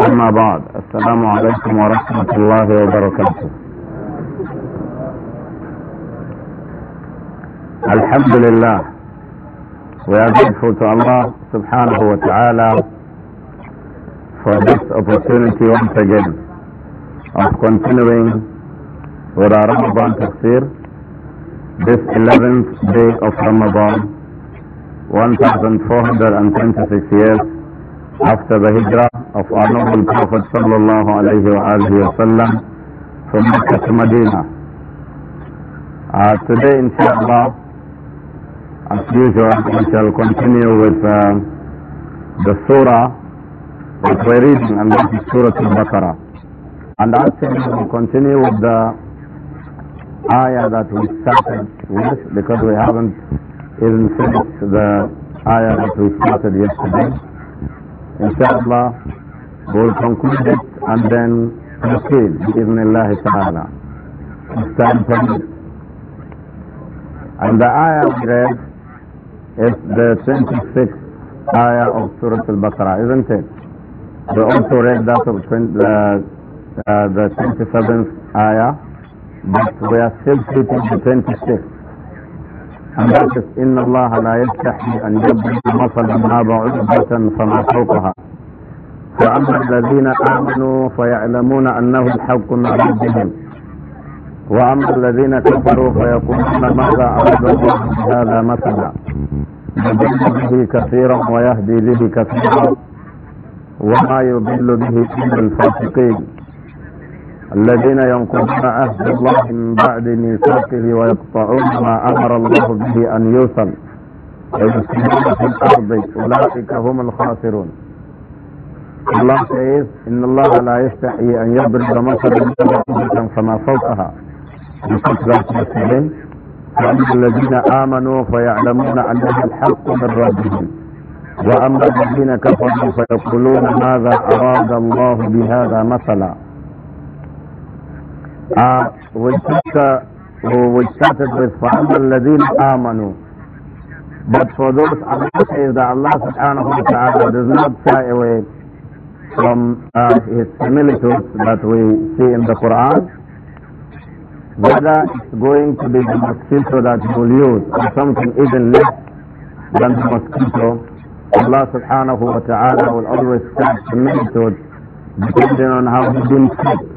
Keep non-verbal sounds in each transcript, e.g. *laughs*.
أما بعد السلام عليكم ورحمة الله وبركاته الحمد we are grateful to Allah وتعالى for this opportunity once again of continuing with our Ramadan tafsir this 11th day of Ramadan 1426 years after the hijrah of our noble Prophet sallallahu alayhi wa sallam from Mecca to Medina. Uh, today inshaAllah, as usual, we shall continue with uh, the surah that we're reading and that is Surah Al-Baqarah. And actually we'll continue with the ayah that we started with because we haven't even finished the ayah that we started yesterday inshallah we'll conclude it and then proceed بإذن Allah, Taala, time permits and the ayah we read is the 26th ayah of Surah Al-Baqarah isn't it we also read that of 20, uh, uh, the 27th ayah but we are still treating the 26th إن الله لا يستحي أن يبدو مثلا ما بعدة فما فوقها وأما الذين آمنوا فيعلمون أنه الحق من ربهم وأما الذين كفروا فيقولون ماذا أراد الله هذا مثلا يضل به كثيرا ويهدي به كثيرا وما يضل به إلا الفاسقين الذين ينقضون عهد الله من بعد ميثاقه ويقطعون ما امر الله به ان يوصل ويفسدون في الارض اولئك هم الخاسرون الله says إن الله لا يستحي أن يضرب مثلا درجة فما فوقها مثلا وأما الذين آمنوا فيعلمون أنه الحق من ربهم وأما الذين كفروا فيقولون ماذا أراد الله بهذا مثلا Uh, we, took, uh, we started with فَأَمَّا الَّذِينَ Amanu," but for those Allah says that Allah subhanahu wa ta'ala does not shy away from uh, his similitudes that we see in the Quran, whether it's going to be the mosquito that you will use or something even less than the mosquito, Allah subhanahu wa ta'ala will always send similitudes depending on how you've been treated.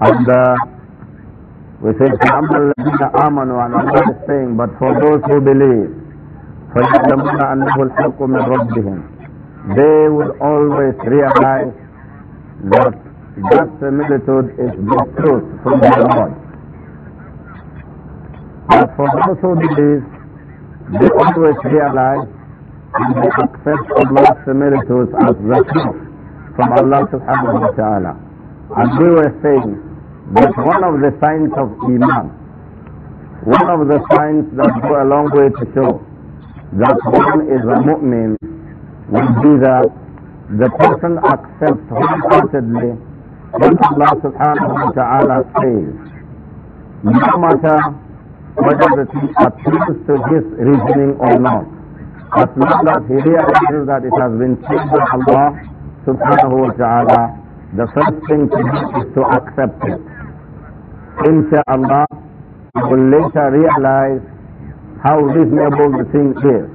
And uh, we say, amanu, and Allah is saying, but for those who believe, فَيَعْلَمُونَ أَنَّهُ الْحَقُّ مِنْ رَبِّهِمْ They will always realize that that similitude is the truth from their Lord. But for those who believe, they always realize and they accept Allah's similitudes as the truth from Allah subhanahu wa ta'ala. And we were saying that one of the signs of Iman, one of the signs that go a long way to show that one is a mu'min would be that the person accepts wholeheartedly what Allah subhanahu wa ta'ala says. No matter whether the thing appeals to his reasoning or not. As long as he realizes that it has been said by Allah subhanahu wa ta'ala the first thing to do is to accept it. Insha'Allah, you will later realize how reasonable the thing is.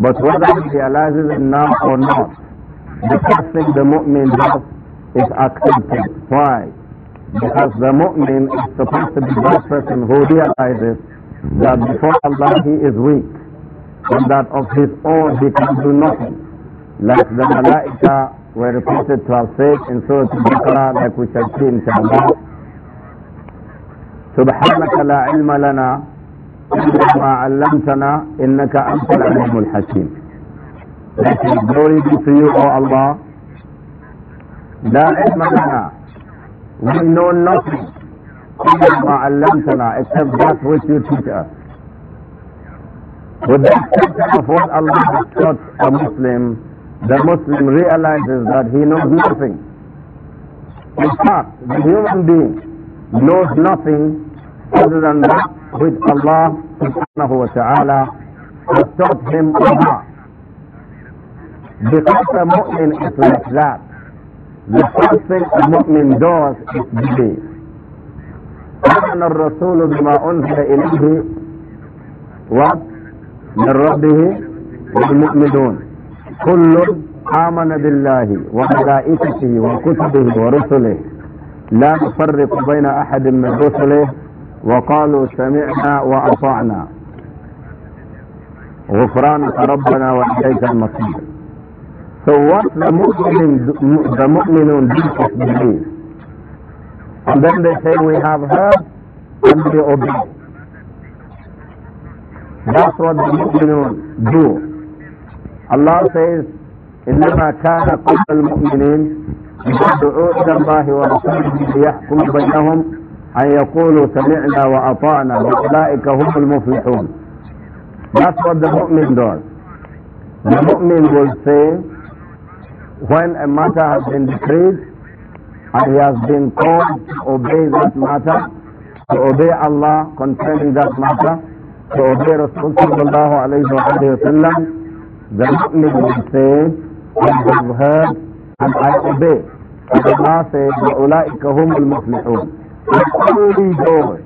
But whether he realizes it now or not, the first thing the mu'min does is accept it. Why? Because the mu'min is supposed to be that person who realizes that before Allah he is weak and that of his own he can do nothing. Like the malaika were reported to have said in Surah Al-Baqarah like we shall see inshallah. سبحانك لا علم لنا إلا ما علمتنا إنك أنت العليم الحكيم. Let glory be to you, O Allah. لا علم لنا. We know nothing إلا ما علمتنا except that which you teach us. With the exception of what Allah has taught a Muslim, the Muslim realizes that he knows nothing. In fact, the human being knows nothing other than that which Allah subhanahu wa ta'ala has taught him or Because a mu'min is like that. The first thing a mu'min does is believe. آمن الرسول بما أنزل إليه ومن ربه والمؤمنون كل آمن بالله وملائكته وكتبه ورسله لا نفرق بين أحد من رسله وقالوا سمعنا وأطعنا غفرانك ربنا وإليك المصير So what the Muslim, the believe. And then they say we have heard and we obey. That's what the Muslims do. Allah says, إنما كان قول المؤمنين يدعوا إلى الله ورسوله ليحكم بينهم أن يقولوا سمعنا وأطعنا وأولئك هم المفلحون. That's what the mu'min does. The mu'min will say, when a matter has been decreed and he has been called to obey that matter, to obey Allah concerning that matter, to obey Rasulullah sallallahu alayhi wa sallam, The mu'min will say, I have heard and I obey. And Allah says, وَأُولَٰئِكَ هُمُ الْمُفْلِحُونَ Only those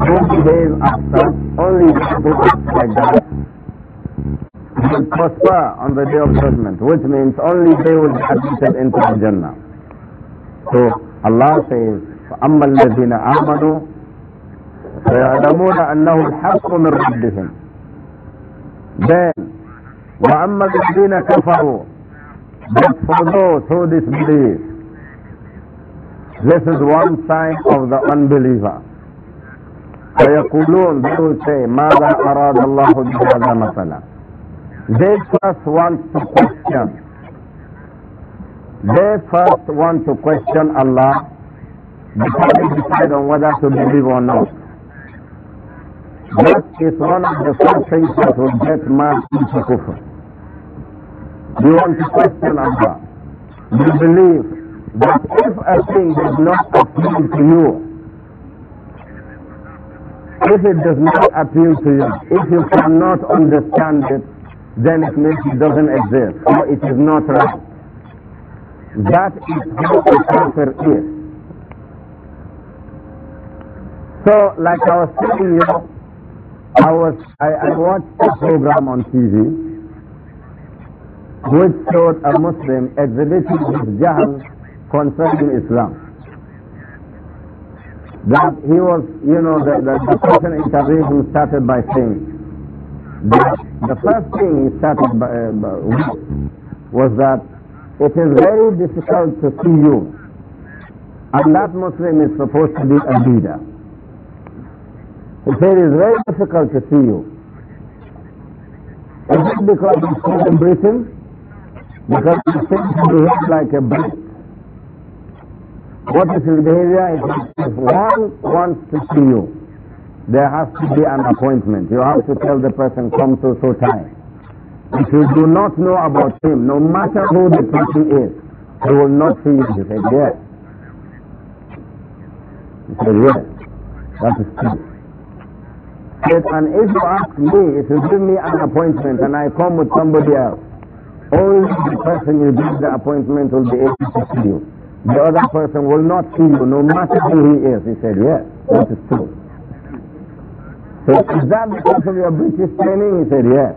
who behave as only those like that, will prosper on the day of judgment, which means only they will be admitted into the Jannah. So Allah says, فَأَمَّا الَّذِينَ آمَنُوا فَيَعْلَمُونَ أَنَّهُ الْحَقُّ مِنْ رَبِّهِمْ then, وَأَمَّا a كَفَرُوا But for those who disbelieve, this is one sign of the unbeliever. فيقولون they will say ماذا أراد الله بهذا مثلا They first want to question They first want to question Allah before they decide on whether to believe or not. That is one of the four things that will get man into kufr. You want to question Allah. You believe that if a thing does not appeal to you, if it does not appeal to you, if you cannot understand it, then it means it doesn't exist or it is not right. That is how a kafir is. So, like I was telling you, I was I, I watched a program on TV which showed a Muslim exhibiting his jahl concerning Islam. That he was, you know, the, the, the person who started by saying that the first thing he started by, uh, was that it is very difficult to see you, and that Muslim is supposed to be a leader it's very difficult to see you. Is it because you sit in Britain? Because you seem to behave like a Brit. What is the behavior? If one wants to see you, there has to be an appointment. You have to tell the person, come to so time. If you do not know about him, no matter who the person is, he will not see you. He said, yes. He said, yes. That is true said, and if you ask me, if you give me an appointment and I come with somebody else, only the person you give the appointment will be able to see you. The other person will not see you, no matter who he is. He said, yes, that is true. So is that because of your British training? He said, yes.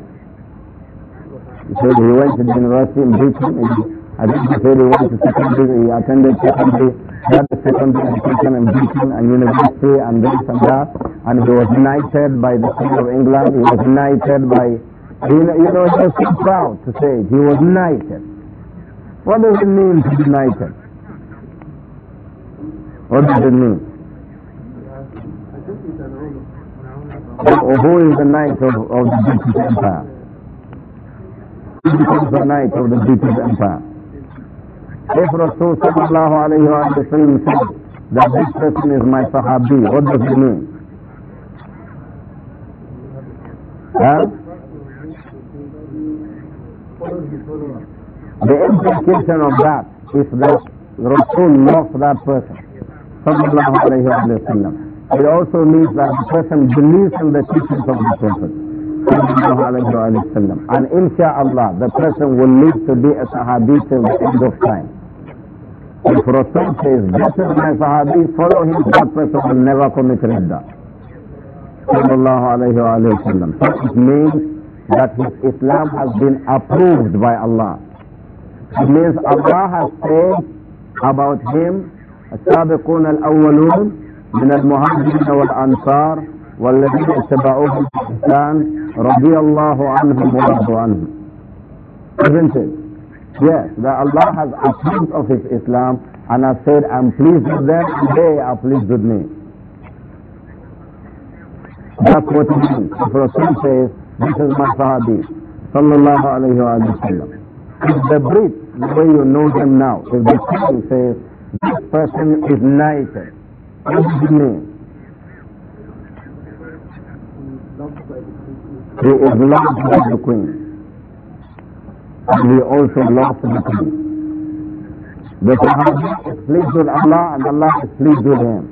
He said he went to the university in Britain. I think he said he went to secondary, he attended secondary had the second education and teaching and university and this and that. And he was knighted by the King of England. He was knighted by, you know, you know he was so proud to say it. He was knighted. What does it mean to be knighted? What does it mean? Or who is the knight of, of the British Empire? Who becomes the knight of the British Empire? If Rasul sallallahu alayhi wa sallam said that this person is my sahabi, what does it mean? Huh? The implication of that is that Rasul loves that person sallallahu alayhi wa sallam. It also means that the person believes in the teachings of the Prophet And insha'Allah, the person will live to be a sahabi till the end of time. The Prophet says, this is my Sahabi, follow him, that person will never commit Ridda. Sallallahu alayhi wa sallam. So it means that his Islam has been approved by Allah. It means Allah has said about him, السابقون الأولون من المهاجرين والأنصار والذين اتبعوهم بإحسان رضي الله عنهم ورضوا عنهم. Isn't it? Yes, that Allah has approved of His Islam and has said, I'm pleased with them, they are pleased with me. That's what it means. If Rasul says, this is my Sahabi, sallallahu alayhi wa sallam. If the way you know them now, if the Quran says, this person is knighted, what does it mean? He is loved by the Queen and we also lost the peace. The Sahabi is pleased with Allah and Allah is pleased with him.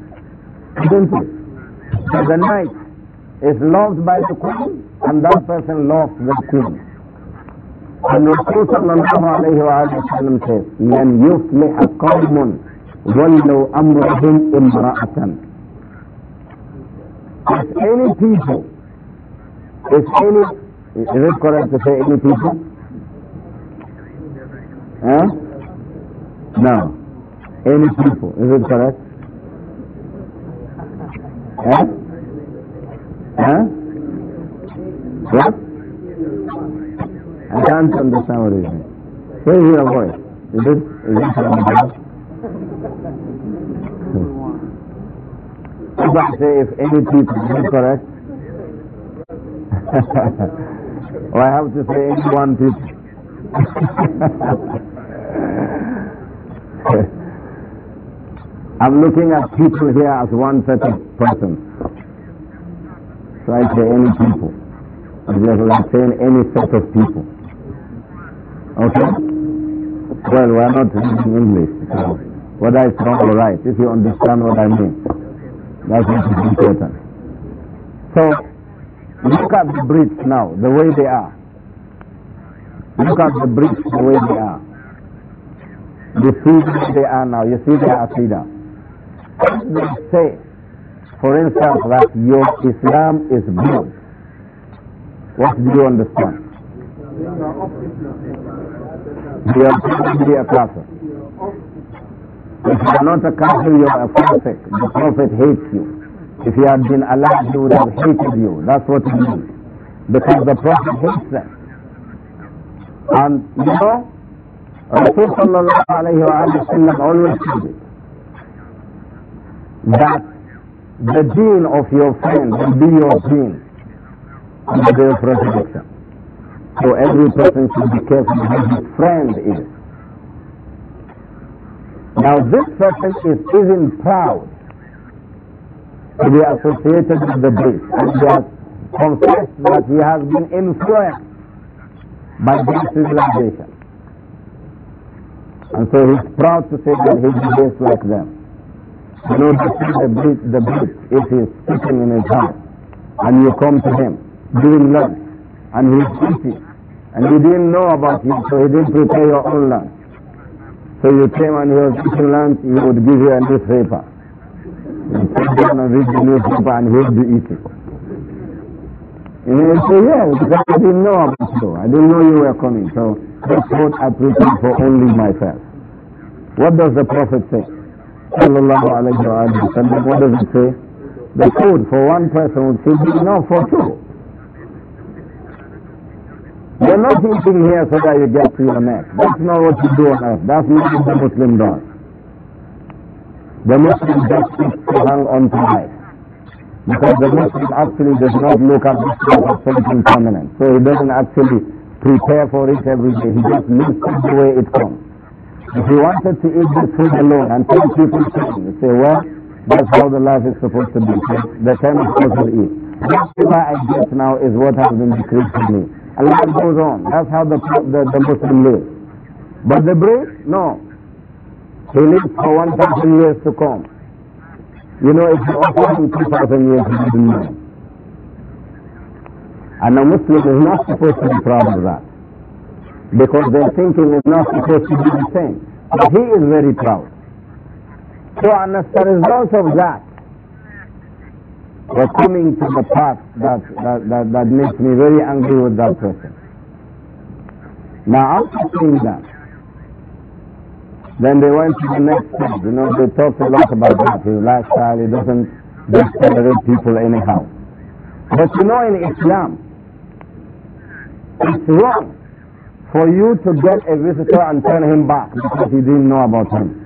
Simple. So the knight is loved by the queen and that person loves the queen. And Rasul sallallahu alayhi wa sallam says, لَنْ يُفْلِحَ قَوْمٌ وَلَّوْ أَمْرَهُمْ إِمْرَأَةً If any people, if any, is it correct to say any people? No. Any people. Is it correct? Huh? Huh? What? I can't understand what you're saying. Where is your voice? Is it, is it from If I say if any people, is it correct? *laughs* I have to say any one people. *laughs* *laughs* I'm looking at people here as one set of persons. So I say any people. i just like saying any set of people. Okay? Well, we're not using English. So whether it's wrong or right, if you understand what I mean, that's what is important. So, look at the bricks now, the way they are. Look at the bricks the way they are. You see where they are now. You see they are aqidah. They say, for instance, that your Islam is good. What do you understand? You are probably a kafir. If you are not a kafir, you are a prophet. The prophet hates you. If he had been alive, he would have hated you. That's what it means. Because the prophet hates them. And you know, Rasul sallallahu alayhi wa sallam always said that the deen of your friend will be your deen in the day of So every person should be careful who his friend is. Now this person is even proud to be associated with the beast and he has confessed that he has been influenced by this civilization. And so he's proud to say that he's just like them. You know, the, the beast, the beast, if he's sitting in his heart. and you come to him doing lunch and he's eating and he didn't know about you, so he didn't prepare your own lunch. So you came and he was eating lunch, he would give you a newspaper. You sit down and read the newspaper and he'll be eating. And he would say, yeah, because I didn't know about you. I didn't know you were coming. So this food I prepare for only myself. What does the Prophet say? Sallallahu alayhi wa sallam. What does it say? The food for one person should be enough for two. You're not eating here so that you get to your neck. That's not what you do on earth. That's not what the Muslim does. The Muslim just eats to hang on to life. Because the Muslim actually does not look at this as something permanent. So he doesn't actually prepare for it every day. He just lives it the way it comes. If he wanted to eat this food alone and tell people you say, well, that's how the life is supposed to be. The is of to eat. Whatever I get now is what has been decreed to me. And life goes on. That's how the, the, the Muslim lives. But the brave, no. He lives for 1,000 years to come. You know, if you offer him 2,000 years, he doesn't know. And a Muslim is not supposed to be proud of that. Because their thinking is not supposed to be the same. But he is very proud. So and as a result of that, we're coming to the path that, that, that, that makes me very angry with that person. Now after seeing that, then they went to the next step. You know, they talked a lot about that, his lifestyle, he doesn't just tolerate people anyhow. But you know in Islam, it's wrong for you to get a visitor and turn him back because you didn't know about him.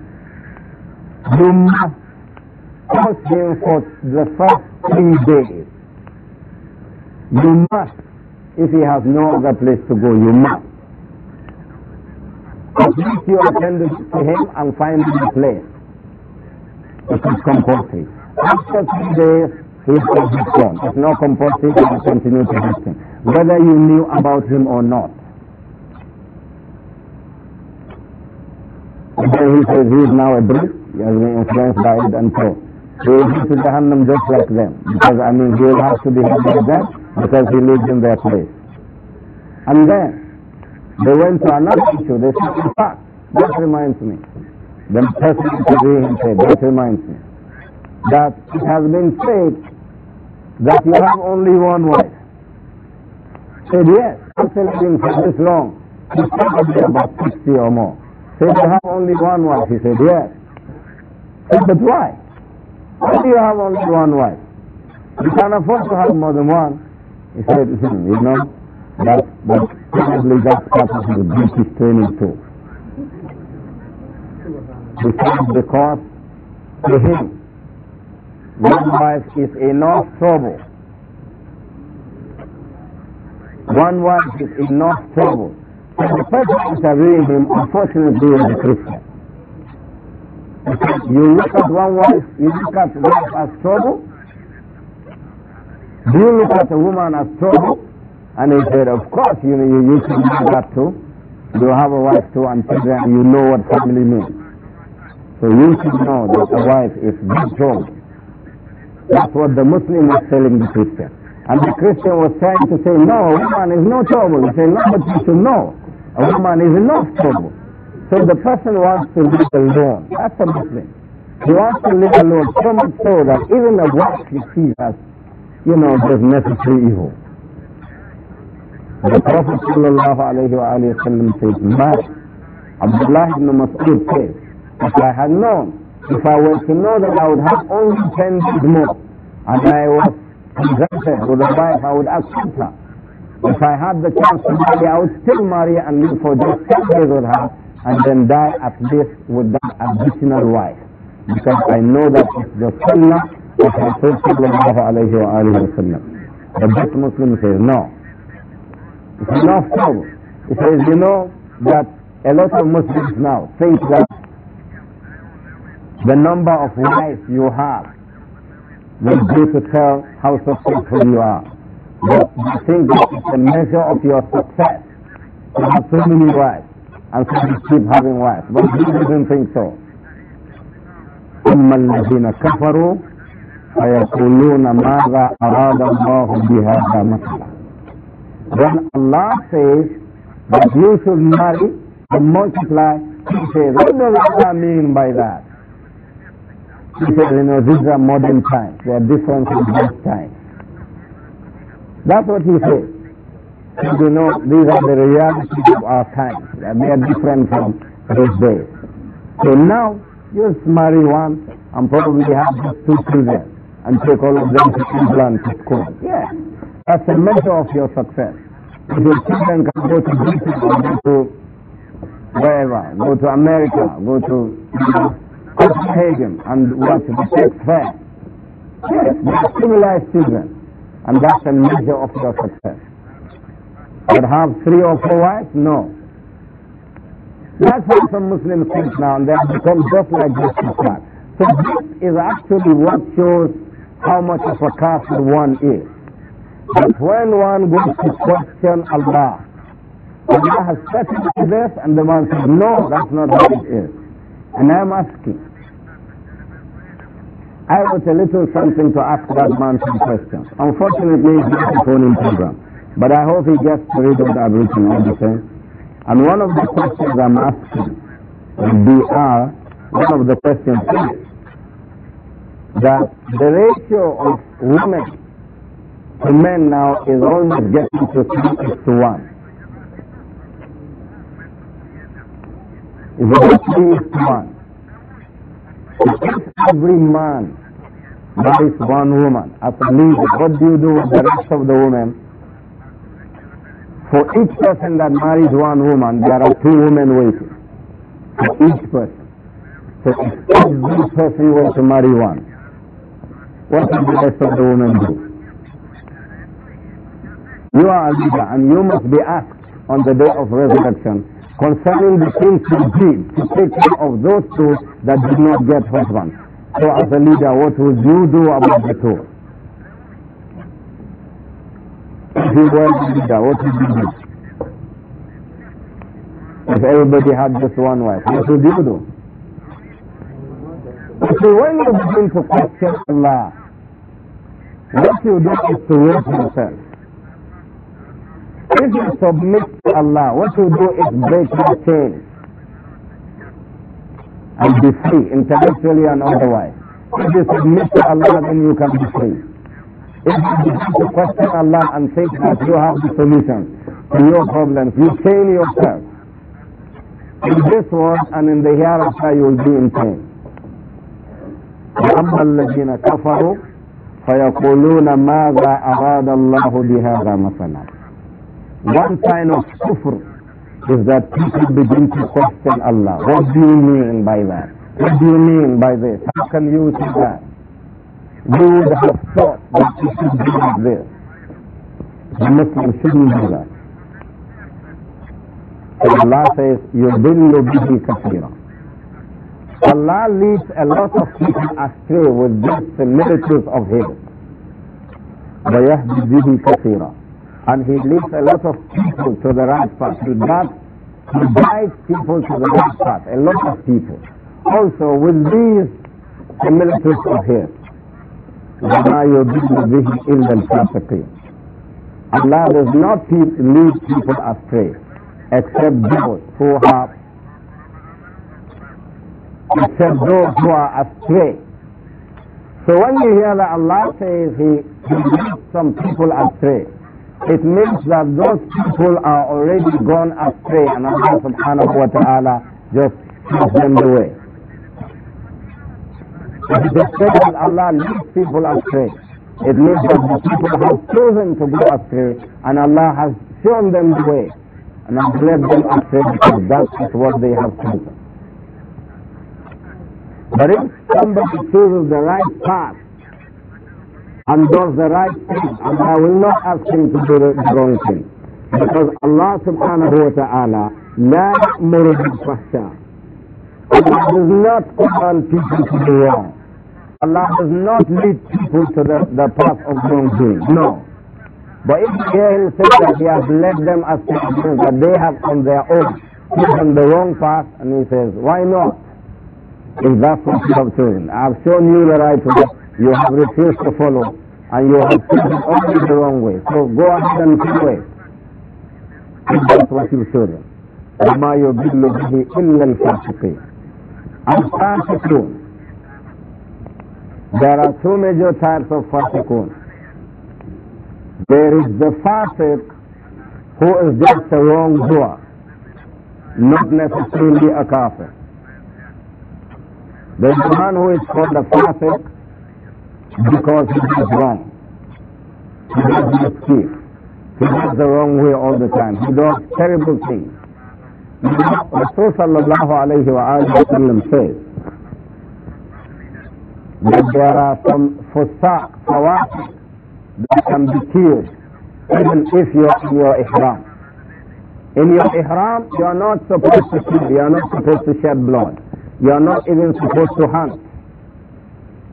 You must touch him for the first three days. You must. If he has no other place to go, you must. At least you attend to him and find him a place. It is compulsory. After three days, he has gone. own. not compulsory to continue to sin, whether you knew about him or not. Whether he says he is now a brief, he has been influenced by it and so. He will go to Jahannam just like them, because I mean he will have to be held like that because he lives in their place. And then they went to another issue. They said, in fact, that reminds me. The person to be said, that reminds me that it has been said that you have only one wife? Said, yes, Council been for this long. He's probably about 60 or more. Said, I have only one wife. He said, yes. Said, but why? Why do you have only one wife? You can afford to have more than one. He said, hmm, you know, that, that probably that's part of the British training too. Because the cost to him one wife is enough trouble. One wife is enough trouble. So the person interviewing him, unfortunately, is a Christian. You look at one wife, you look at wife as trouble. Do you look at a woman as trouble? And he said, of course, you, you, you can do that too. You have a wife too and children, you know what family means. So you should know that a wife is big trouble. That's what the Muslim was telling the Christian. And the Christian was trying to say, no, a woman is no trouble. He said, no, but you should know. A woman is enough trouble. So the person wants to live alone. That's a Muslim. He wants to live alone so much so that even the wife he sees as, you know, just necessary evil. The Prophet sallallahu alayhi wa sallam says, Mas, Abdullah ibn Mas'ud says, if I had known, if I were to know that I would have only 10 days more, and I was consented with a wife, I would accept her. If I had the chance to marry, I would still marry and live for just 10 years with her and then die at least with that additional wife. Because I know that it's the sunnah of Rasul sallallahu of wa alayhi wa The best Muslim says no. It's enough trouble. He says, you know that a lot of Muslims now think that the number of wives you have will be to tell how successful you are. But you think that it's a measure of your success to have so many wives and so you keep having wives. But he doesn't think so. أما الذين كفروا فيقولون ماذا أراد الله بهذا مثلا When Allah says that you should marry and multiply, he says, what does Allah mean by that? People, you know, these are modern times. They are different from those times. That's what he says. You know, these are the realities of our times. They are different from those days. So now, just marry one and probably have just two children and take all of them to England to school. Yeah, that's a measure of your success. If your children can go to Britain go to wherever, go to America, go to you know, Copenhagen and went to the fair. Yes, they are civilized children. And that's a measure of your success. But have three or four wives? No. That's what some Muslims think now, and they have become just like this Islam. So this is actually what shows how much of a kafir one is. But when one goes to question Allah, Allah has settled this, and the man says, no, that's not how it is. And I'm asking. I was a little something to ask that man some questions. Unfortunately, he's not a phone in program. But I hope he gets to read what I've written all the same. And one of the questions I'm asking and be are, one of the questions is that the ratio of women to men now is almost getting to 3 to 1. is about three one. If every man marries one woman at least what do you do with the rest of the women? For each person that marries one woman, there are two women waiting. For each person. So if every person were to marry one, what does the rest of the women do? You are a leader and you must be asked on the day of resurrection concerning the things to did, to take care of those two that did not get one. So as a leader, what would you do about the two? If you were the leader, what would you do? If everybody had just one wife, what would you do? So when you begin to question Allah, what you do is to work yourself. If you submit to Allah, what you do is break your chains and be free intellectually and otherwise. If you submit to Allah, then you can be free. If you begin to question Allah and think that you have the solution to your problems, you chain yourself. In this world and in the hereafter, you will be in pain. وأما الذين كفروا فيقولون ماذا أراد الله بهذا مثلا one sign of kufr is that people begin to question Allah. What do you mean by that? What do you mean by this? How can you do that? You would have thought that you should do like this. The Muslim shouldn't do that. So Allah says, يُضِلُّ بِهِ كَثِيرًا Allah leads a lot of people astray with these similitudes of his. وَيَهْدِ بِهِ كَثِيرًا and he leads a lot of people to the right path. He does. he guides people to the right path, a lot of people. Also with these similitudes of his, وَمَا يُضِلُّ in إِلَّا الْفَاسِقِينَ Allah does not lead people astray except those who have except those who are astray. So when you hear that Allah says He, he leads some people astray, it means that those people are already gone astray and Allah subhanahu wa ta'ala just shows them the way. If it is said that Allah leads people astray, it means that the people have chosen to go astray and Allah has shown them the way and has led them astray because that is what they have chosen. But if somebody chooses the right path and does the right thing, and I will not ask him to do the wrong thing. Because Allah subhanahu wa ta'ala, Allah does not command people to do wrong. Allah does not lead people to the, the path of wrongdoing. No. But if he say that he has led them as that they have on their own, on the wrong path, and he says, why not? If that's what you have chosen, I have shown you the right way you have refused to follow and you have taken only the wrong way. So go ahead and follow it. If that's what you should. وما يضل به إلا الفاسقين. الفاسقون. There are two major types of fasiqun. There is the fasiq who is just a doer, not necessarily a kafir. There is the man who is called a fasiq because he does wrong. He does mistake. He does the wrong way all the time. He does terrible things. Rasul sallallahu alayhi wa sallam says that there are some fusaq, fawasik that can be killed even if you are in your ihram. In your ihram, you are not supposed to kill, you are not supposed to shed blood, you are not even supposed to hunt.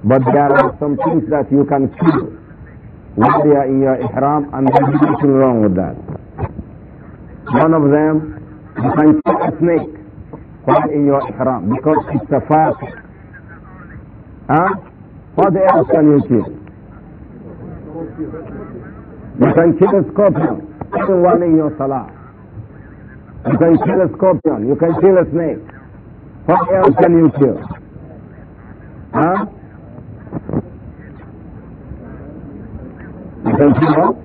But there are some things that you can kill when they are in your ihram and there is nothing wrong with that. One of them, you can kill a snake while in your ihram because it's a fast. Huh? What else can you kill? You can kill a scorpion even while in your salah. You can kill a scorpion, you can kill a snake. What else can you kill? Huh? You can see what?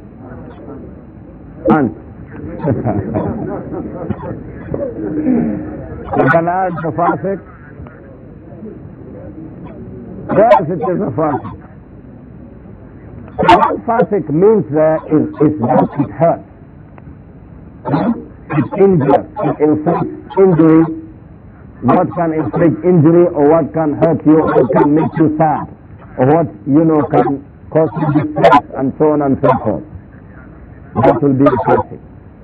Ant. the Balad, the Fasiq. Yes, it is a Fasiq. What Fasiq means there is, is that it hurts. It injures, it inflicts injury. What can inflict injury or what can hurt you or can make you sad or what you know can causing distress and so on and so forth. That will be a classic.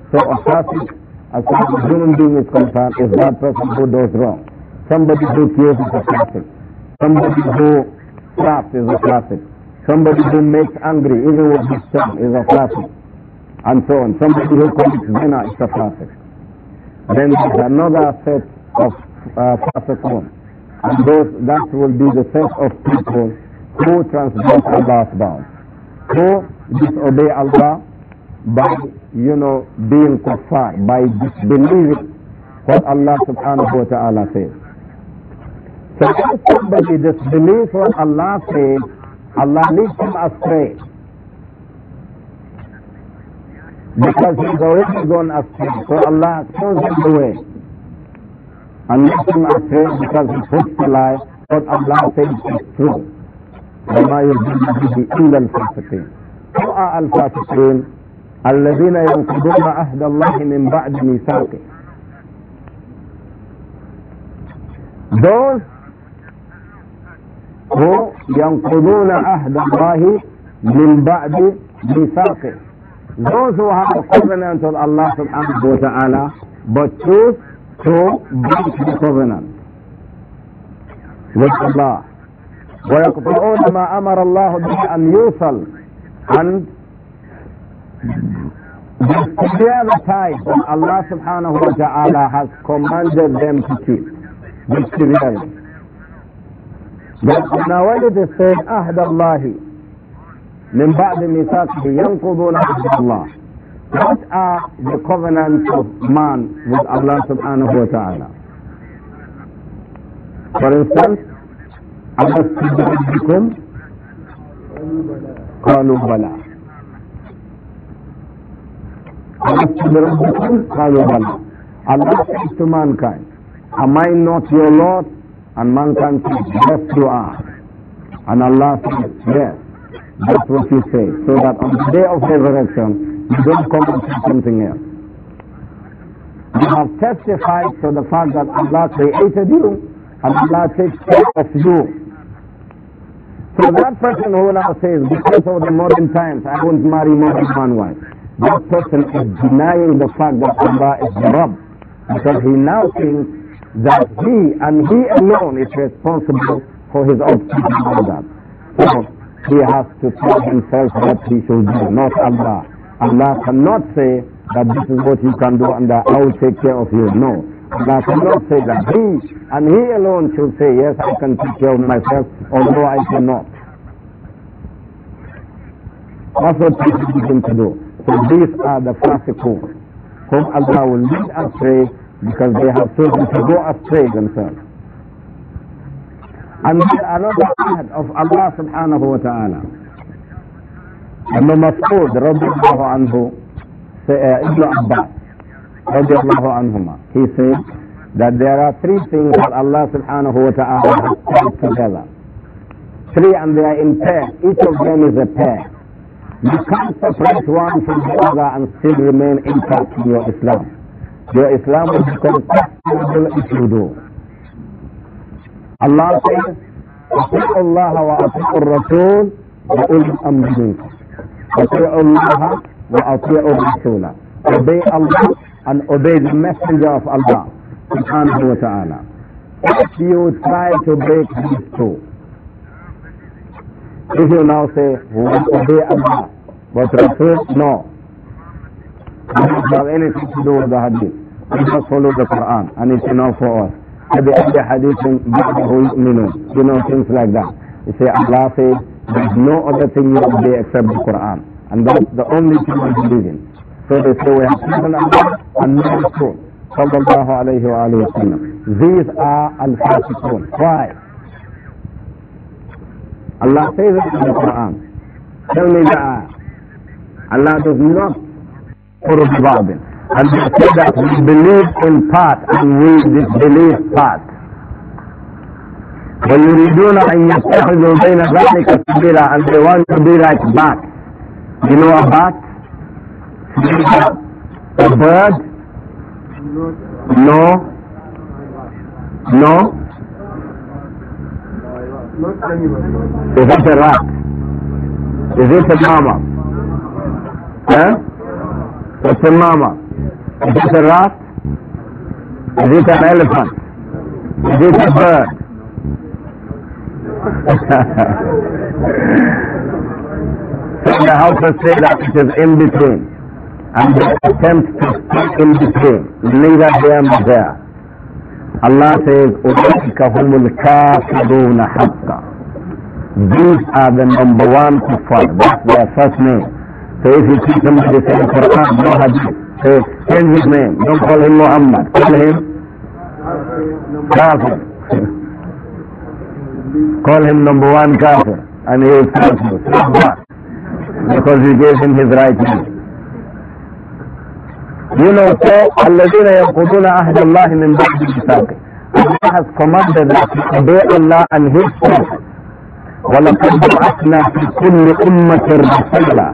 So a classic, as far as human being is concerned, is that person who does wrong. Somebody who kills is a classic. Somebody who slaps is a classic. Somebody who makes angry, even with his son, is a classic. And so on. Somebody who commits zina is a classic. Then there's another set of uh, classic one. And those, that will be the set of people who transgress Allah's bounds, who disobey Allah by, you know, being kuffar, by disbelieving what Allah subhanahu wa ta'ala says. So if somebody disbelieves what Allah says, Allah leads him astray. Because he's already gone astray. So Allah shows him the way. And leads him astray because he puts to lie what Allah says is true. وما يضل به الا الفاسقين قرا الفاسقين الذين ينقضون عهد الله من بعد ميثاقه دوس هو ينقضون عهد الله من بعد ميثاقه دوس هو هذا الكوفنانت الله سبحانه وتعالى بتشوف تو بيت الكوفنانت الله ويقطعون ما أمر الله به أن يوصل and the other ties that Allah subhanahu wa ta'ala has commanded them to keep with severity. But ناولد السيد أهد الله من بعد ميثاقه ينقضون عهد الله What are the covenants of man with Allah subhanahu wa ta'ala? For instance, على استدراجكم قالوا بلى على استدراجكم قالوا بلى Allah says to mankind, Am I not your Lord? And mankind says, Yes, you are. And Allah says, Yes, that's what you say. So that on the day of resurrection, you don't come and say something else. You have testified to the fact that Allah created you and Allah takes care of you. So that person who now says, because of the modern times, I won't marry more than one wife, that person is denying the fact that Allah is the Rabb. Because he now thinks that he and he alone is responsible for his own with that. So he has to tell himself what he should do, not Allah. Allah cannot say that this is what you can do and that I will take care of you. No. That will not say that. He and he alone should say, yes, I can take care of myself, although I cannot. That's what we begin to do. So these are the fasiqun whom Allah will lead astray because they have chosen to go astray themselves. And there are another ayat of Allah subhanahu wa ta'ala. Ibn Mas'ud radiallahu anhu, uh, Ibn Abbas, radiallahu anhuma, he said that there are three things that Allah subhanahu wa ta'ala has paired together. Three and they are in pairs. Each of them is a pair. You can't separate one from the other and still remain intact in your Islam. Your Islam will become questionable if you do. Allah says, أطيعوا الله وأطيعوا الرسول وأولي الأمر منكم. أطيعوا الله وأطيعوا الرسول obey Allah and obey the messenger of Allah subhanahu wa ta'ala. If you try to break these two, if you now say, we obey Allah, but refuse, no. We don't have anything to do with the hadith. We just follow the Quran and it's enough for us. فبأي the hadith يؤمنون you know things like that you say Allah says there's no other thing you obey except the Quran and that's the only thing we believe in so they say we have seen Allah and not Rasul. Sallallahu alayhi wa alayhi wa sallam. These are al-fasiqun. Why? Allah says it in the Quran. Tell me the ayah. Allah does not prove Babin. And they say that we believe in part and we disbelieve part. ويريدون أن يتخذوا بين ذلك سبيلا and they want to be like bat. You know a bat? A bird? No. No. Is it a rat? Is it a mammal? Eh? What's a mammal? Is it a rat? Is it an elephant? Is it a bird? *laughs* so the to say that it is in between and they attempt to stay in between, neither here nor there. Allah says, أُولَٰئِكَ هُمُ الْكَافِرُونَ حَقًّا These are the number one kuffar. That's their first name. So if you see somebody saying Quran, no hadith, say, change his name. Don't call him Muhammad. Call him Kafir. *laughs* call him number one Kafir. And he will thank you. Because you gave him his right name. You know, so الَّذِينَ يَنْقُضُونَ أَهْدَ اللَّهِ مِنْ بَعْدِ مِيثَاقِهِ Allah has commanded us to obey Allah and His Prophet. وَلَقَدْ بَعَثْنَا فِي كُلِّ أُمَّةٍ رَسُولًا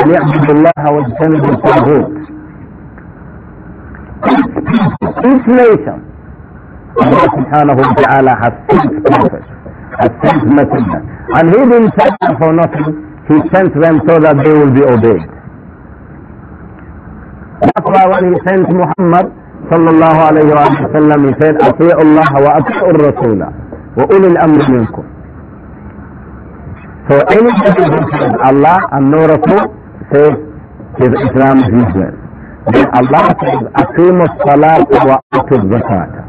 أَنْ يَعْبُدُوا اللَّهَ وَاجْتَنِبُوا الطَّاغُوتَ Each nation, Allah subhanahu wa has sent prophets, has sent messengers. And He didn't send them for nothing, He sent them so that they will be obeyed. أقرأ عن لسانة محمد صلى الله عليه وآله وسلم لسان أطيعوا الله وأطيعوا الرسول وأولي الأمر منكم So anybody who says Allah and no Rasul says his Islam is useless. Then Allah says, أقيموا الصلاة وآتوا الزكاة.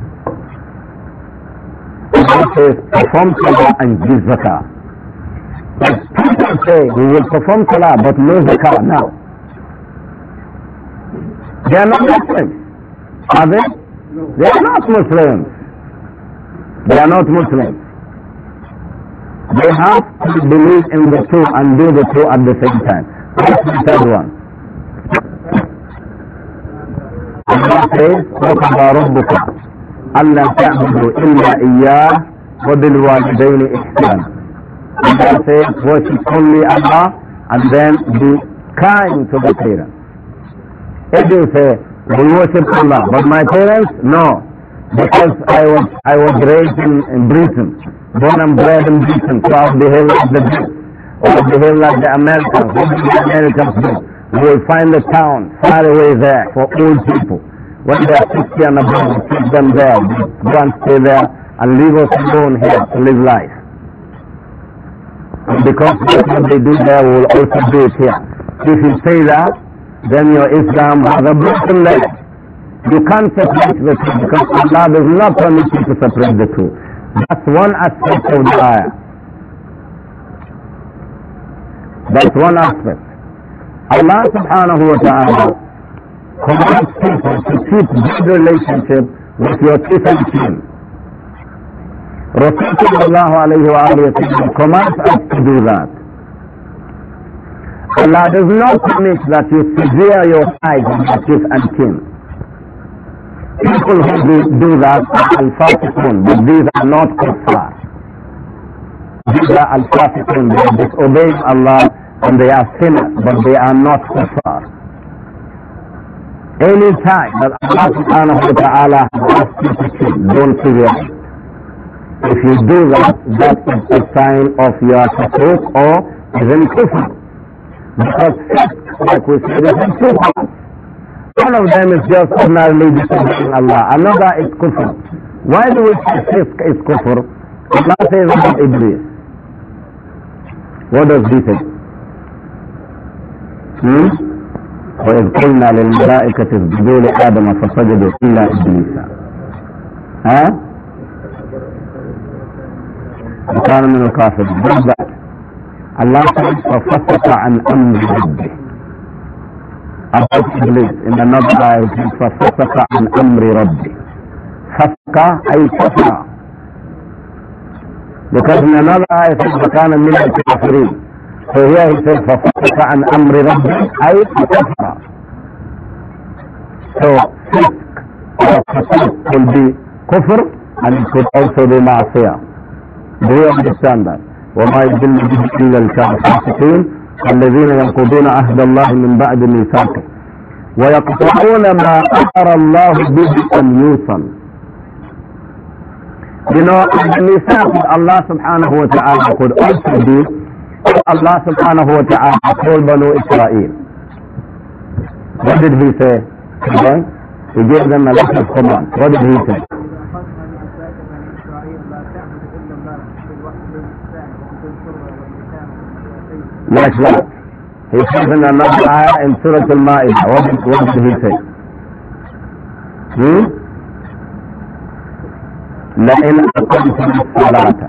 Allah says, perform salah and give zakah. But people say, we will perform salah but no zakah now. They are not Muslims. Are they? No. They are not Muslims. They are not Muslims. They have to believe in the two and do the two at the same time. That's the third one. Allah says, وَقَضَى رَبُّكَ أَلَّا تَعْبُدُوا إِلَّا إِيَّاهُ وَبِالْوَالِدَيْنِ إِحْسَانًا Allah says, worship only Allah and then be kind to the parents. They you say, they worship Allah, but my parents, no. Because I was, I was raised in, in Britain, born and bred in Britain, so I'll behave like the Jews, or i behave like the Americans. What do the Americans do? You will find a town far away there for old people. When they are 60 and above, keep them there, go and stay there, and leave us alone here to live life. And because what they do there, we will also do it here. If you say that, then your Islam has a broken leg. You can't separate the two because Allah does not permit you to separate the two. That's one aspect of the ayah. That's one aspect. Allah subhanahu wa ta'ala commands people to keep good relationship with your chief and kin. Rasul commands us to do that. Allah does not permit that you sever your ties with your chief and king. People who do that are al-fasiqun, but these are not kuffar. These are al-fasiqun, they are disobeying Allah and they are sinners, but they are not kuffar. Any time that Allah subhanahu wa ta'ala to kill, don't sever it. If you do that, that is a sign of your support or even kufr. Because like we said, One of them is just ordinarily disobeying Allah. Another is kufr. Why do we say fisk is kufr? Allah says about Iblis. What does he say? Hmm? وإذ قلنا للملائكة اسجدوا لآدم فسجدوا إلا إبليس ها؟ وكان من الكافرين علاقة فسقط عن أمن ربه أبوك إبليس إن النظر فسقط عن أمر ربي فسق أي كفى لقد إن النظر كان من الكافرين فهي فسقط عن أمر ربي أي كفى فسق فسق كل بكفر أن يكون أوصي بمعصية دريم بستاندرد وما يدل به الا الفاسقين الذين ينقضون عهد الله من بعد ميثاقه ويقطعون ما امر الله به ان يوصل بنوع الله سبحانه وتعالى قد أرسل الله سبحانه وتعالى يقول بنو إسرائيل What did he ردد في سي يجيب لما لك What did he say? national. He says in another ayah in Surah Al-Ma'idah, what, did, what did he say? Hmm? لئن أقمتم الصلاة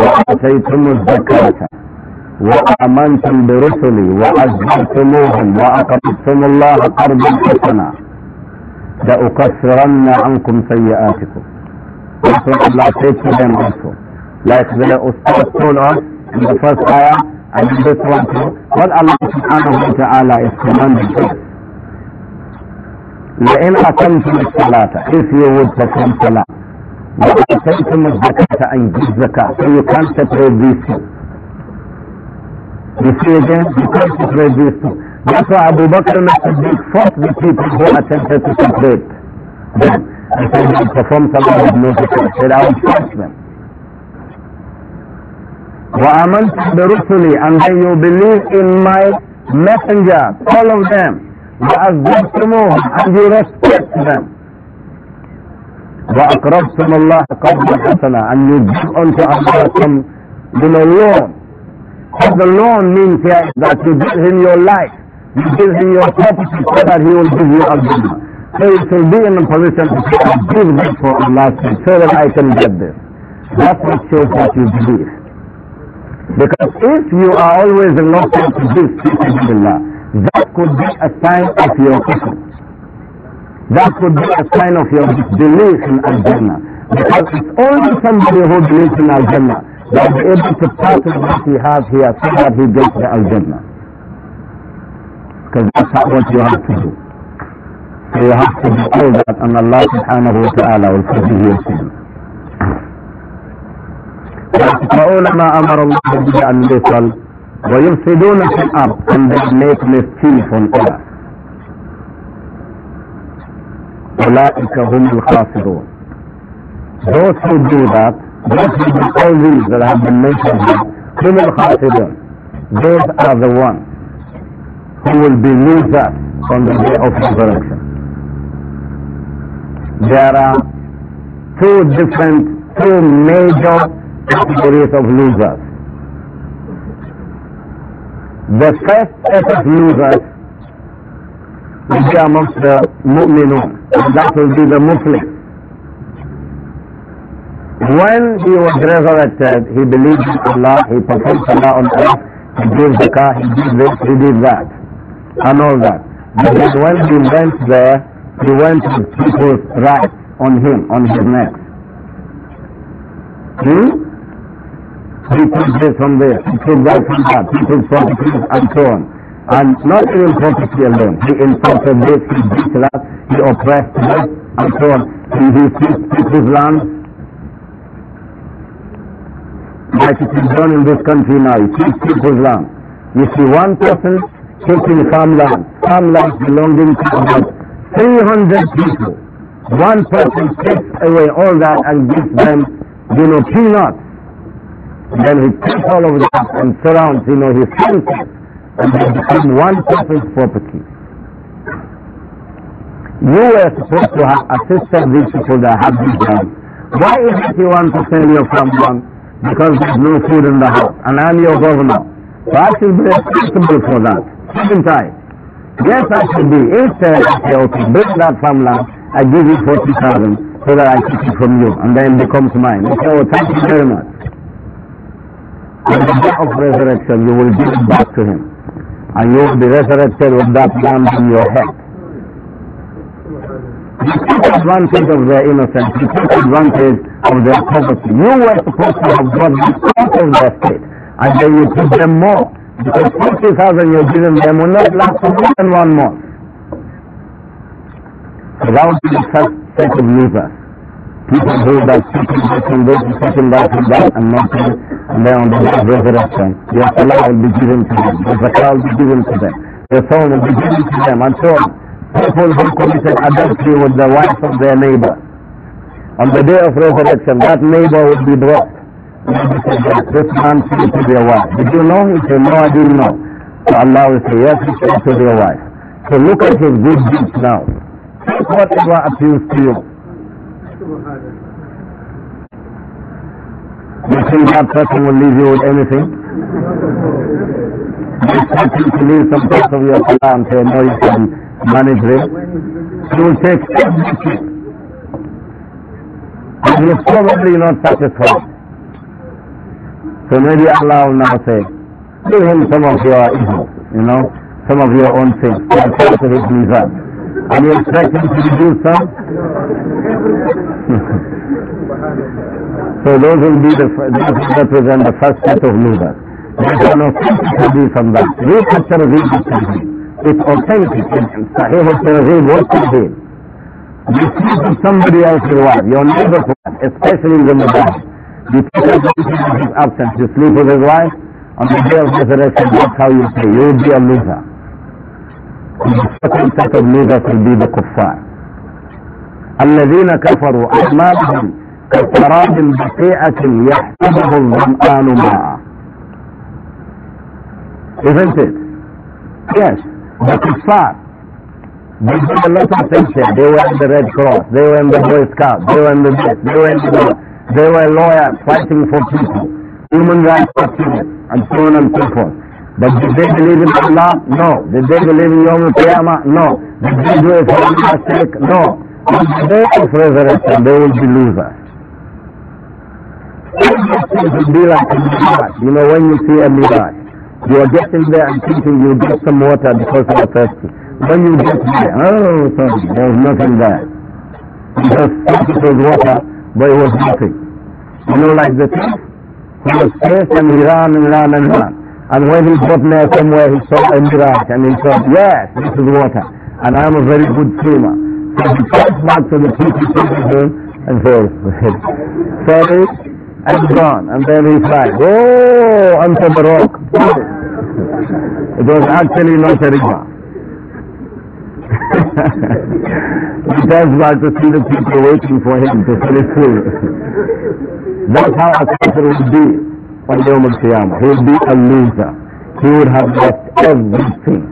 وآتيتم الزكاة وآمنتم برسلي وعزرتموهم وأقرضتم الله قرضا حسنا لأكفرن عنكم سيئاتكم. That's what Allah said to them also. Like the Ustaz told us in the first ayah, And in this one too, what Allah subhanahu wa ta'ala is commanding is, لئن أقمتم الصلاة if you would perform salah وأتيتم الزكاة and give zakah so you can't separate these two you see again you can't separate these two that's why Abu Bakr and Siddiq fought the people who attempted to separate them and said they perform salah with no zakah said I will fight them وَآمَنْتُ بِرُسُلِ And then you believe in my messenger, all of them. وَأَذْبَرْتُمُوهُمْ And you respect them. وَأَقْرَبْتُمُ اللَّهَ قَبْلَ حَسَنًا And you give unto Allah some, you loan. What the loan means here is that you give him your life, you give him your property so that he will give you a jannah. So you should be in a position to say, give this for Allah's sake so that I can get this. That's what shows that you believe. Because if you are always in love to this, that could be a sign of your kufr. That could be a sign of your belief in Al-Jannah. Because it's only somebody who believes in Al-Jannah is able to pass what he has here so that he gets the Al-Jannah. Because that's what you have to do. So you have to do all that and Allah subhanahu wa ta'ala will forgive you. يقرؤون ما امر الله به ان يصل ويفسدون في الارض عند ابنك مسكين فنقل اولئك هم الخاسرون دوس الجيبات دوس الجيبات ذهب النيشن هم الخاسرون those are the one who will be losers on the day of resurrection there are two different two major categories of losers. The first set of losers will be amongst the mu'minun, and that will be the Muslim. When he was resurrected, he believed in Allah, he performed Salah on earth, he gave the car, he did this, he did that, and all that. But then when he went there, he went with people's rights on him, on his neck. Hmm? he comes here from there. he took that from that, he took properties and so on. And not even property alone. He insulted this, he beat that, he oppressed this, and so on. He, takes people's land. Like it is done in this country now, he takes people's land. You see one person taking farmland, farmland belonging to about 300 people. One person takes away all that and gives them, you know, peanuts then he takes all of that and surrounds, you know, his senses, and they become one person's property. You were supposed to have assisted these people that have these done. Why is it you want to sell your one? Because there's no food in the house, and I'm your governor. So I should be responsible for that, shouldn't I? Yes, I should be. Instead, I say, okay, bring that farmland, I give you 40,000 so that I take it from you, and then it becomes mine. Okay, well, thank you very much. On the day of resurrection, you will give it back to him. And you will be resurrected with that lamp in your head. You take advantage of their innocence. You take advantage of their poverty. You were supposed to have got the out of their state. And then you give them more. Because 40,000 you're giving them will not last for more than one month. So that would be the first set of losers. People who that, people this and and that and that, and nothing lay on the day of resurrection. Your salah will be given to them. Your zakah will be given to them. Your soul will be given to them and so on. People who committed adultery with the wife of their neighbor. On the day of resurrection, that neighbor will be brought. This man said to a wife, Did you know? He said, No, I didn't know. So Allah will say, Yes, he said to their wife. So look at his good deeds now. Take whatever appeals to you. You think that person will leave you with anything? You expect him to leave some parts of your salah and say, no, you can manage it. You will take everything. And he is probably not satisfied. So maybe Allah will now say, give him some of your evil, you know, some of your own things. That's part of his mizan. And you expect him to do some? *laughs* So those will be the, those will represent the first set of leaders. There are no hadith from that. Read the Targheeb is Targheeb. It's authentic. Sahih al-Targheeb was Targheeb. You speak of somebody else you want, your neighborhood, especially in the Madinah. You take advantage of his absence. You sleep with his wife. On the day of resurrection, that's how you say, you will be a loser. And the second set of losers will be the kuffar. الذين كفروا أعمالهم كتراب بقيعة يحسبه الظمآن ماء Isn't it? Yes. The kuffar, they did a lot of things here. They were in the Red Cross, they were in the Boy Scouts, they were in the this, they were in the that. They were lawyers fighting for people, human rights for activists, and so on and so forth. But did they believe in Allah? No. Did they believe in Yom Qiyamah? No. Did they do it for Allah's sake? No. On the day resurrection, they will be losers be like a You know, when you see a mirage, you are getting there and thinking you get some water because you are thirsty. When you get there, oh, sorry, nothing there. Just thought it was water, but it was nothing. You know, like the thief, he was thirsty and he ran and ran and ran. And when he got near somewhere, he saw a mirage and he thought, yes, this is water. And I'm a very good swimmer. So he comes back to the people and says, *laughs* sorry, I'm gone. I'm very fine. Oh, I'm so broke. It was actually not a rigma. does like to see the people waiting for him to fill his food. That's how a kafir would be on Yom al-Qiyamah. He would be a loser. He would have lost everything.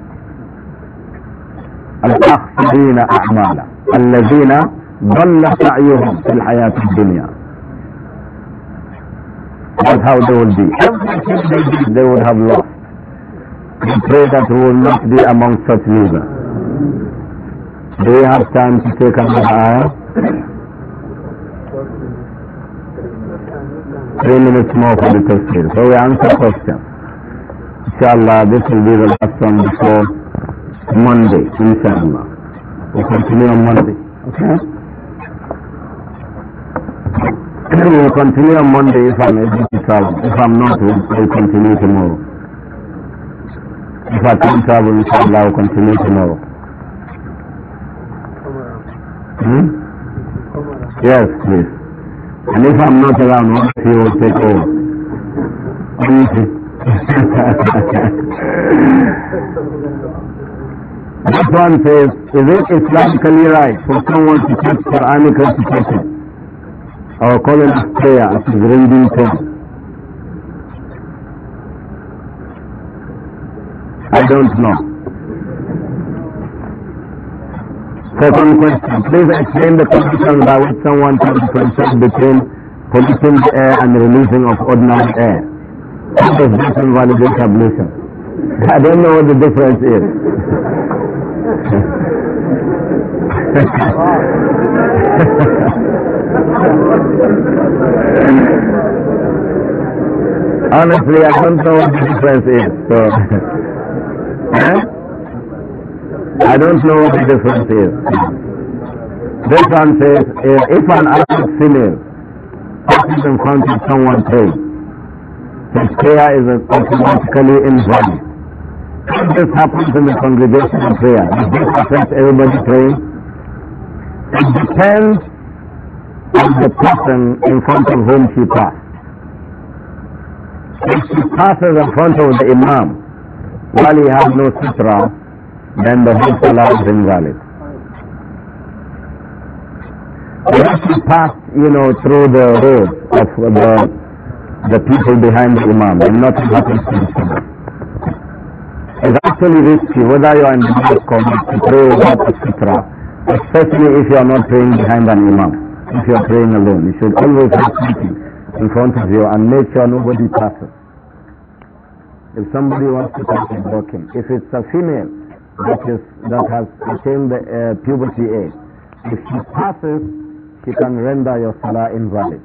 الأخسرين أعمالا الذين ضل سعيهم في الحياة الدنيا That's how they would be. they did, they would have lost. We pray that we will not be among such losers. Do we have time to take another hour? Three minutes more for the question. So we answer questions. Inshallah, this will be the last one before Monday, inshallah. We'll continue on Monday. Okay? we will continue on Monday if I'm able to travel. If I'm not, we'll, we'll continue tomorrow. If I can't travel, inshallah, will continue tomorrow. Hmm? Yes, please. And if I'm not around, one of you will take over. *laughs* that one says, is it Islamically right for someone to teach Quranic recitation? Our current prayer uh, at his rending table. I don't know. Second question. Please explain the conditions by which someone can differentiate between polluting air and releasing of ordinary air. How does this invalidate ablution? I don't know what the difference is. *laughs* Honestly, I don't know what the difference is. So eh? I don't know what the difference is. This one says, eh, if an adult female passes in front of someone praying, his prayer is automatically invalid. If this happens in the of prayer, does this affect everybody praying? It depends of the person in front of whom she passed. If she passes in front of the Imam while he has no sutra, then the whole salah is invalid. But if she passed, you know, through the road of the, the people behind the Imam, then nothing happens to the salah. It's actually risky whether you are in the mosque or not to pray without a sutra, especially if you are not praying behind an Imam if you are praying alone. You should always have something in front of you and make sure nobody passes. If somebody wants to pass, you block him. If it's a female that, is, that has attained the, uh, puberty age, if she passes, she can render your salah invalid.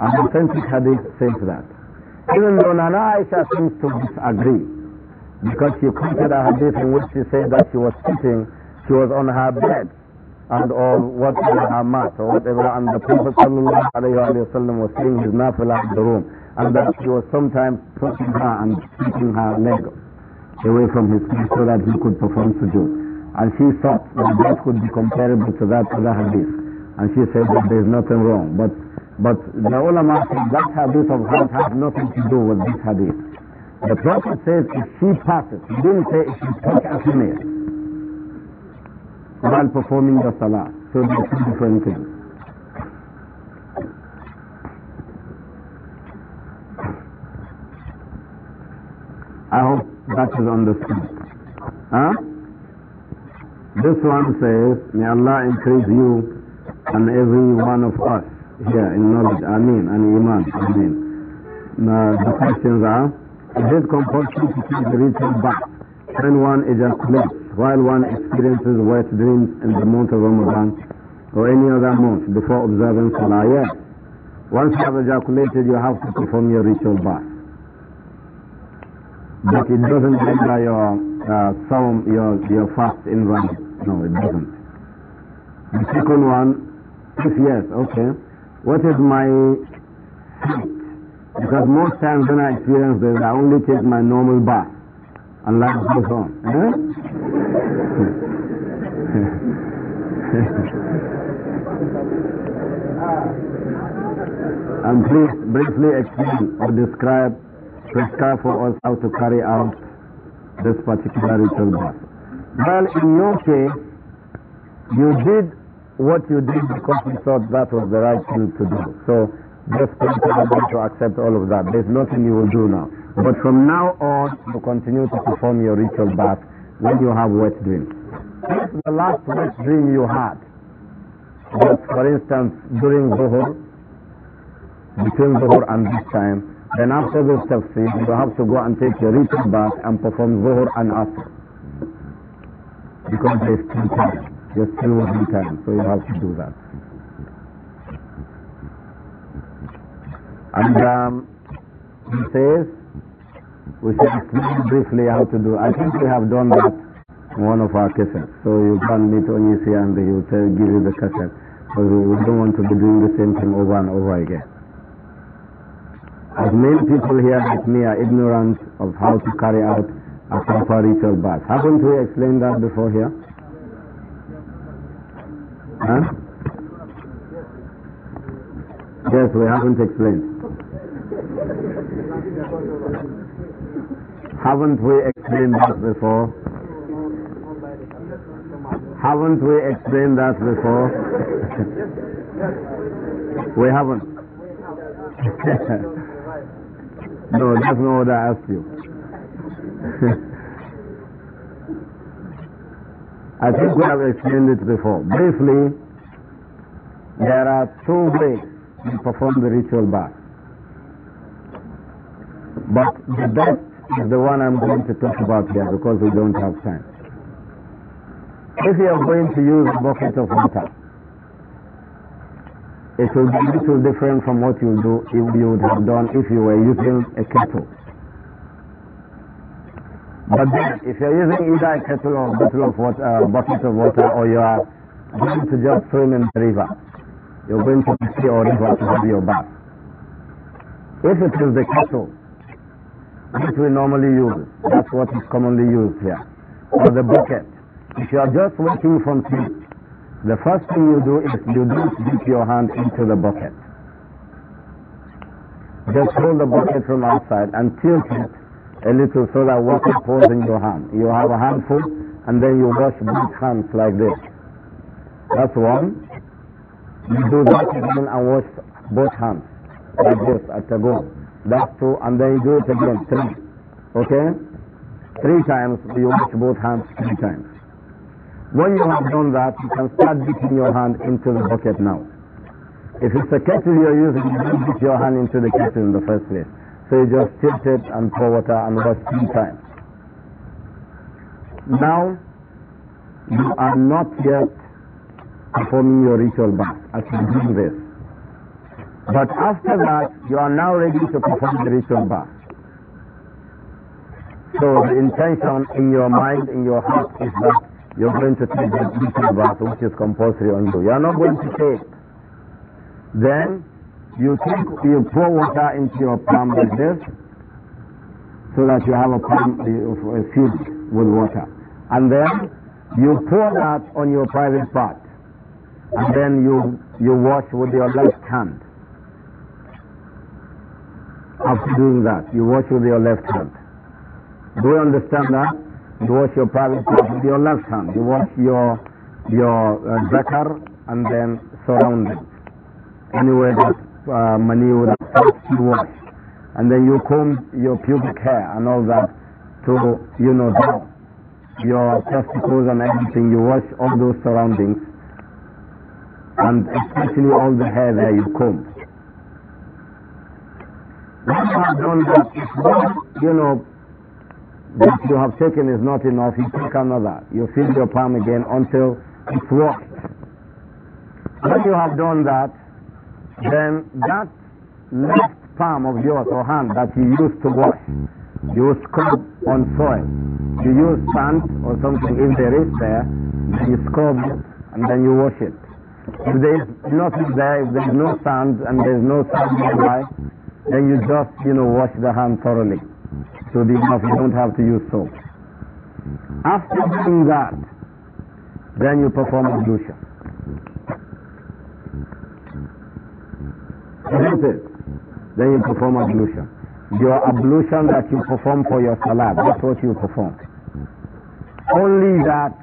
An authentic hadith says that. Even though Nana Aisha seems to disagree, because she quoted a hadith in which she said that she was sitting, she was on her bed, and all the hamat or whatever and the Prophet sallallahu alayhi was saying his nafilah out the room and that he was sometimes pushing her and keeping her leg away from his feet so that he could perform sujood and she thought that that could be comparable to that other hadith and she said that there is nothing wrong but but the ulama said that hadith of hers has nothing to do with this hadith the Prophet says if she passes he didn't say if she touches a female while performing the salah. So there are two different things. I hope that is understood. Huh? This one says, May Allah increase you and every one of us here in knowledge. Ameen and Iman. Ameen. Now, the questions are, is it compulsory to keep the ritual back when one ejaculates? while one experiences wet dreams in the month of Ramadan or any other month before observing Salah. Yes, once you have ejaculated, you have to perform your ritual bath. But it doesn't render your uh, psalm, your, your fast invalid. No, it doesn't. The second one, if yes, okay, what is my height? Because most times when I experience this, I only take my normal bath and life *laughs* and please briefly explain or describe, prescribe for us how to carry out this particular ritual bath. Well, in your case, you did what you did because you thought that was the right thing to do. So just pray to to accept all of that. There's nothing you will do now. But from now on, you continue to perform your ritual bath when you have wet dreams. If the last wet dream you had was, for instance, during Zuhur, between Zuhur and this time, then after this tafsir, you have to go and take your ritual bath and perform Zuhur and Asr. Because there's still time. There's still working time, so you have to do that. And um, he says, we should explain briefly how to do. I think we have done that in one of our cassettes. So you can meet Onyisi and he will tell, give you the cassette. Because we, we don't want to be doing the same thing over and over again. As many people here like me are ignorant of how to carry out a proper ritual bath. Haven't we explained that before here? Huh? Yes, we haven't explained. Haven't we explained that before? Haven't we explained that before? *laughs* we haven't. *laughs* no, that's not what I asked you. *laughs* I think we have explained it before. Briefly, there are two ways to perform the ritual bath. But the best is the one I'm going to talk about here because we don't have time. If you are going to use a bucket of water, it will be little different from what you do if you would have done if you were using a kettle. But then, if you're using either a kettle or a bottle of water, a uh, bucket of water, or you are going to just swim in the river, you're going to see sea or river to have your bath. If it is the kettle, which we normally use. That's what is commonly used here. Or the bucket. If you are just waking from sleep, the first thing you do is you don't dip your hand into the bucket. Just hold the bucket from outside and tilt it a little so that water pours in your hand. You have a handful and then you wash both hands like this. That's one. You do that again and wash both hands like this at a go. That's two. And then you do it again. Three. Okay? Three times. You wash both hands three times. When you have done that, you can start dipping your hand into the bucket now. If it's a kettle you're using, you don't dip your hand into the kettle in the first place. So you just tilt it and pour water and wash three times. Now, you are not yet performing your ritual bath as you do this. But after that, you are now ready to perform the ritual bath. So the intention in your mind, in your heart is that you're going to take the ritual bath which is compulsory on you. You are not going to take. Then you take, you pour water into your palm like this, so that you have a palm filled with water. And then you pour that on your private part. And then you, you wash with your left hand after doing that. You wash with your left hand. Do you understand that? You wash your private part with your left hand. You wash your your uh, zakar and then surround it anywhere that uh, would that you wash. And then you comb your pubic hair and all that to, you know, down. Your testicles and everything, you wash all those surroundings and especially all the hair there you comb. Once you have done that? If what you know, you have taken is not enough, you take another. You fill your palm again until it's washed. When you have done that, then that left palm of yours or hand that you used to wash, you scrub on soil. You use sand or something if there is there, you scrub it and then you wash it. If there is nothing there, if there is no sand and there is no sand nearby, then you just, you know, wash the hand thoroughly. So the enough, you don't have to use soap. After doing that, then you perform ablution. it? Then you perform ablution. Your ablution that you perform for your salah, that's what you perform. Only that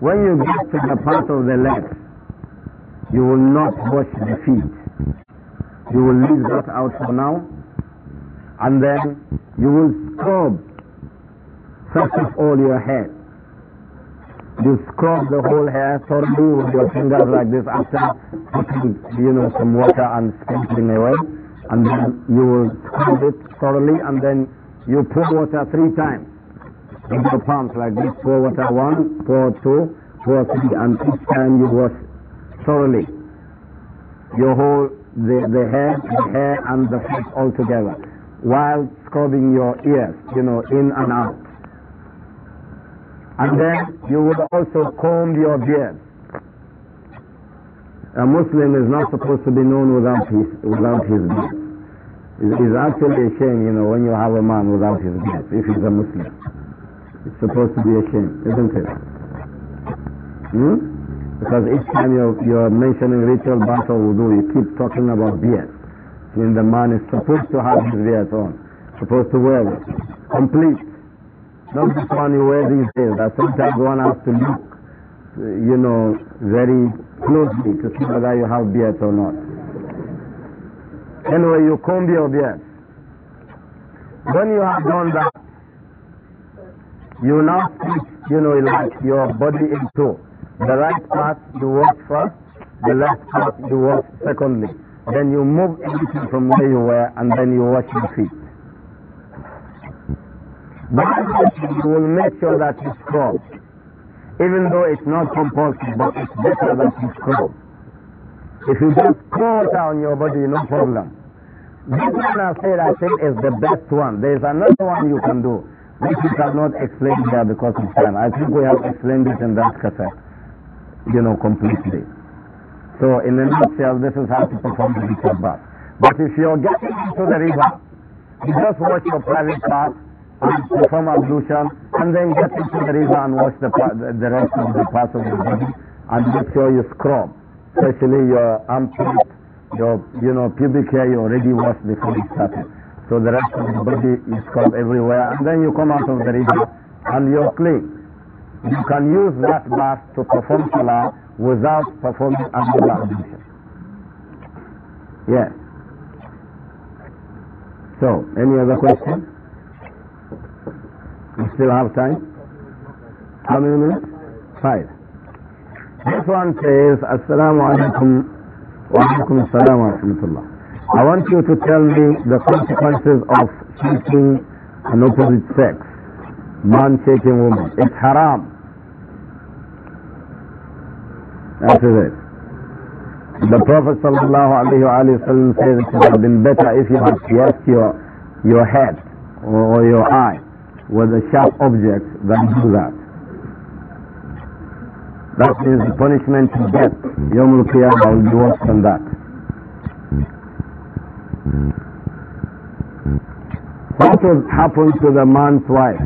when you get to the part of the leg, you will not wash the feet. You will leave that out for now. And then you will scrub, first of all, your hair. You scrub the whole hair thoroughly with your fingers like this after putting, you know, some water and sprinkling away. And then you will scrub it thoroughly and then you pour water three times in your palms like this. Pour water one, pour two, pour three, and each time you wash thoroughly your whole the, the hair, the hair and the head all together while scrubbing your ears, you know, in and out. And then you would also comb your beard. A Muslim is not supposed to be known without his, without his beard. It's actually a shame, you know, when you have a man without his beard, if he's a Muslim. It's supposed to be a shame, isn't it? Hmm? Because each time you're, you're mentioning ritual bath or wudu, you keep talking about beard. Then the man is supposed to have his beard on, supposed to wear it, complete. Not just one you wear these days, that sometimes one has to look, you know, very closely to see whether you have beard or not. Anyway, you comb your beard. When you have done that, you now you know, like your body in two. The right part you walk first, the left part you walk secondly. Then you move everything from where you were and then you wash your feet. By washing you will make sure that you scrub, Even though it's not compulsory, but it's better that you scrub. If you just crawl down your body, no problem. This one i said I think is the best one. There is another one you can do, which we cannot explain here because of time. I think we have explained it in that cassette you know, completely. So in a nutshell, this is how to perform the ritual bath. But if you're getting into the river, you just wash your private part and perform ablution and then get into the river and wash the, the rest of the parts of your body and make sure you scrub, especially your armpit, your, you know, pubic hair you already washed before you started. So the rest of the body is scrubbed everywhere and then you come out of the river and you're clean you can use that mask to perform salah without performing another ablution. Yes. So, any other question? We still have time? How many minutes? Five. This one says, Assalamu alaikum wa alaikum assalam wa rahmatullah. I want you to tell me the consequences of cheating an opposite sex, man cheating woman. It's haram. That is it. The Prophet ﷺ says it would have been better if you had pierced your, your head or your eye with a sharp object than do that. That is the punishment to death. Yom al Qiyamah will be worse than that. What has happen to the man's wife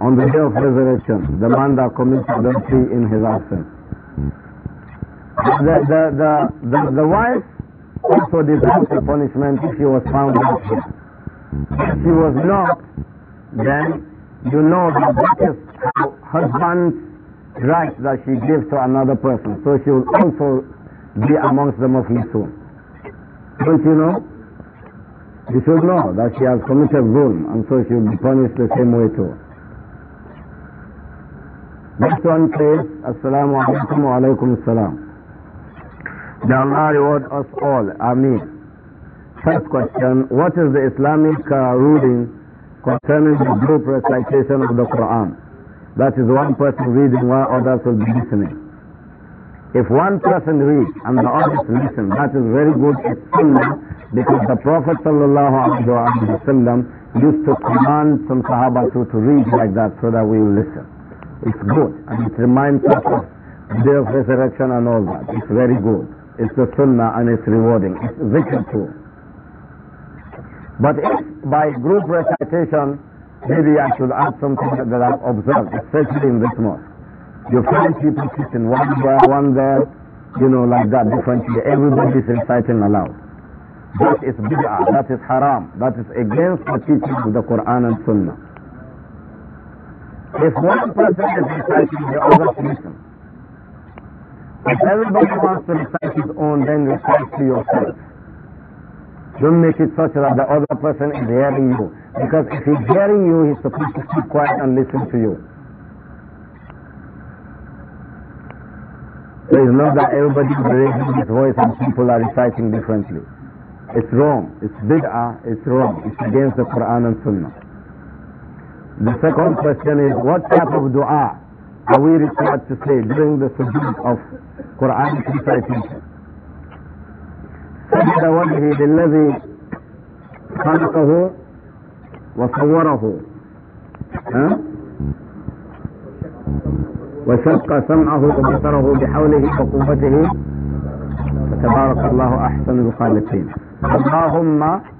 on the day of resurrection? The man that commits adultery in his absence. The, the, the, the, the wife also deserves the punishment if she was found guilty. If she was not, then you know that that is her husband's rights that she gives to another person. So she will also be amongst the Muflisun. Don't you know? You should know that she has committed zulm and so she will be punished the same way too. Next one please. Assalamu alaikum wa alaikum assalam. May Allah reward us all. Ameen. First question, what is the Islamic uh, ruling concerning the group recitation of the Quran? That is one person reading while others will be listening. If one person reads and the others listen, that is very good sunnah because the Prophet wasallam used to command some Sahaba to, to read like that so that we will listen. It's good and it reminds us of the day of resurrection and all that. It's very good. It's a sunnah and it's rewarding. It's zikr too. But if by group recitation, maybe I should add something that I've observed, especially in this mosque. You find people sitting one there, one there, you know, like that differently. Everybody is reciting aloud. That is bid'ah, that is haram, that is against the teaching of the Quran and Sunnah. If one person is reciting, the other listen. If everybody wants to recite his own, then recite to yourself. Don't make it such that the other person is hearing you. Because if he's hearing you, he's supposed to keep quiet and listen to you. So it's not that everybody is raising his voice and people are reciting differently. It's wrong. It's bid'ah. It's wrong. It's against the Quran and Sunnah. The second question is, what type of dua are we required to say during the sujood of في 3:13 سجد وجهي للذي خلقه وصوره ها وشق سمعه وبصره بحوله وقوته فتبارك الله احسن الخالقين اللهم